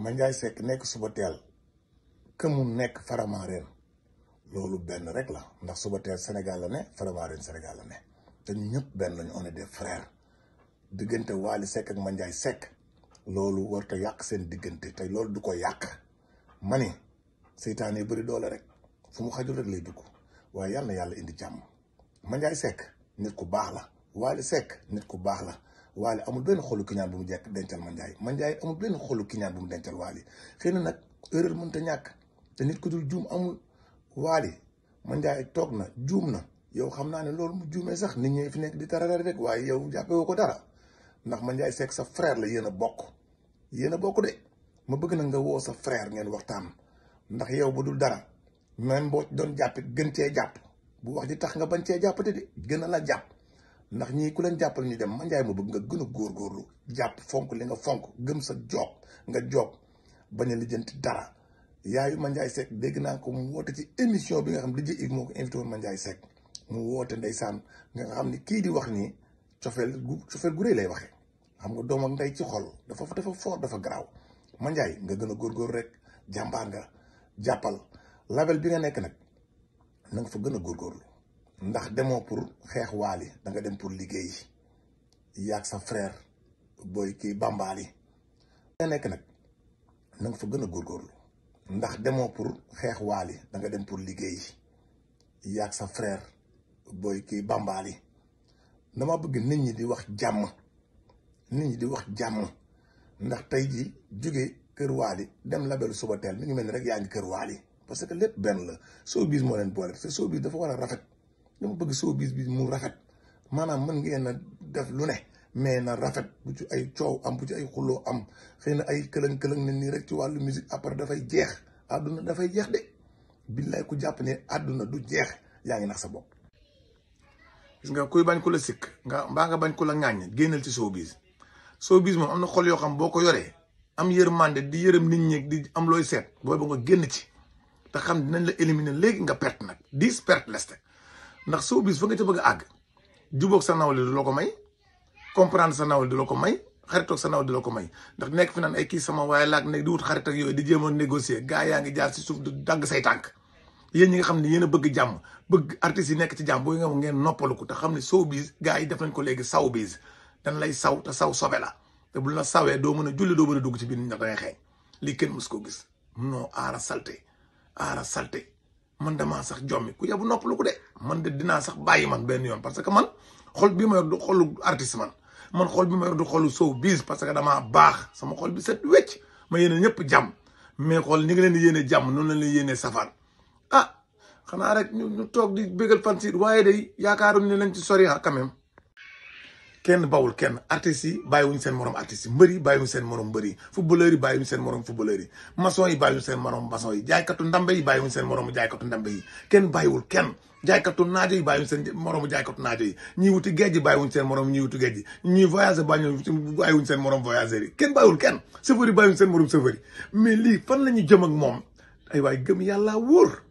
Mandiaye Seck nekk suba teel que nekk Faramareen loolu benn rek la ndax suba teel Sénégal la ne Faramareen Sénégal la ne te ñu ñëpp benn lañu on est des frères diggante Wally sekk ak Mandiaye sekk loolu warta yàq seen diggante te loolu du ko yàq ma ni seytaan yi bëri doole rek fu mu xajul rek lay dugg waaye yàlla yàlla indi jàmm Mandiaye sekk nit ku baax la Wally Seck nit ku baax la. waale amul benn xolu kiñaan bu mu jekk dencal manjaay manjaay amul benn xolu kiñaan bu mu dencal xëy na nag erreur mën ta ñàkk te nit ku dul juum amul waale manjaay toog na juum na yow xam naa ne loolu mu juumee sax nit ñi fi nekk di tararar rek waaye yow jàppee woo ko dara ndax ma manjaay seek sa frère la yéen a bokk yéen a bokk de ma bëgg na nga woo sa frère ngeen waxtaan ndax yow bu dul dara même boo doon jàppit gën cee jàpp bu wax di tax nga bañ cee jàppate de gën a la jàpp ndax ñii ku leen jàppale ñu dem manjaay ma bëgg nga gën a góor góorlu jàpp fonk li nga fonk gëm sa joog nga joog bañ a lijjanti dara yaayu manjaay Seck dégg naa ko mu woote ci émission bi nga xam DJ Yves moo ko invité woon manjaay Seck mu woote ndeysaan nga xam ni kii di wax nii cofeel gu cofeel gu rëy lay waxee xam nga doom ak ndey ci xol dafa dafa fort dafa garaaw manjaay nga gën a góor góor rek jàmbaar nga jàppal label bi nga nekk nag nanga fa gën a góor góorlu ndax demoo pour xeex waali da nga dem pour liggéey yaag sa frère booy kii bambaali nga nekk nag na fa gën a góorgóorlu ndax demoo pour xeex waali da nga dem pour liggéey yaag sa frère booy kii bambaali dama bëgg nit ñi di wax jàmm nit ñi di wax jàmm ndax tey ji jóge kër waali dem labelu suba teel mi ngi mel ni rek yaa ngi kër waali parce que lépp benn la showbiz moo leen boole te showbiz dafa war a rafet dama bëgg showbiz bi mu rafet maanaam mën ngeen a def lu ne mais na rafet bu ci ay coow am bu ci ay xuloo am xëy na ay këlëng-këlëng ne nii rek ci wàllu musique après dafay jeex àdduna dafay jeex de billaay ku jàpp ne àdduna du jeex yaa ngi nax sa bopp gis nga kuy bañ ku la sikk nga mbaa nga bañ ku la ŋàññ génnal ci showbiz showbiz moom am na xol yoo xam boo ko yoree am yërmande di yërëm nit ñi di am looy seet booy ba nga génn ci te xam dinañ la éliminer léegi nga perte nag dix perte leste ndax soo bis nga ca bëgg a àgg jubóog sa nawle du loo ko may comprendre sa nawle du loo ko may xaritoog sa nawle du loo ko may ndax nekk fi naan ay kii sama waaye laag nekk di wut xarit ak yooyu di jéem a négocier gaa yaa ngi jaar si suuf du say tànk yéen ñi nga xam ne yéen a bëgg jàmm bëgg artistes yi nekk ci jàmm booy nga ngeen noppalu ko te xam ne soo bis gaa yi def nañ ko léegi saw bis dañ lay saw te saw sobe la te bu la sawee doo mën a julli doo mën a dugg ci biir ndax dangay xeeñ lii kenn mës koo gis noo aara salté aara salté man damaa sax jommi ku yebu nopp lu ko de man de dinaa sax bàyyi man benn yoon parce que man xol bi ma yor du xolu artiste man man xol bi ma yor du xolu sow biis parce que damaa baax sama xol bi set wecc ma yéene ñëpp jàmm mais xool ñi ngi leen di yéene jàmm noonu lañ leen yéene safaan ah xanaa rek ñu ñu toog di bégal fan si waaye day yaakaaroon ne lañ ci sori ah kenn bawul kenn artistes yi bàyyiwuñ seen morom artistes yi mbër yi bàyyiwuñ seen morom mbër yi footballeur yi bàyyiwuñ seen morom footballeur yi maçon yi bàyyiwuñ seen morom maçon yi jaaykatu ndambe yi bàyyiwuñ seen moromu jaaykatu ndambe yi kenn bàyyiwul kenn jaaykatu naajo yi yi ñii wuti géej gi bàyyiwuñ seen moroom ñii wuti géej gi ñii voyageur bàyyiwuñ morom voyageurs yi kenn bàyyiwul kenn chauffeur yi bàyyiwuñ seen morom chauffeur yi mais lii fan la ñu jëm ak moom ay waay gëm yàlla wóor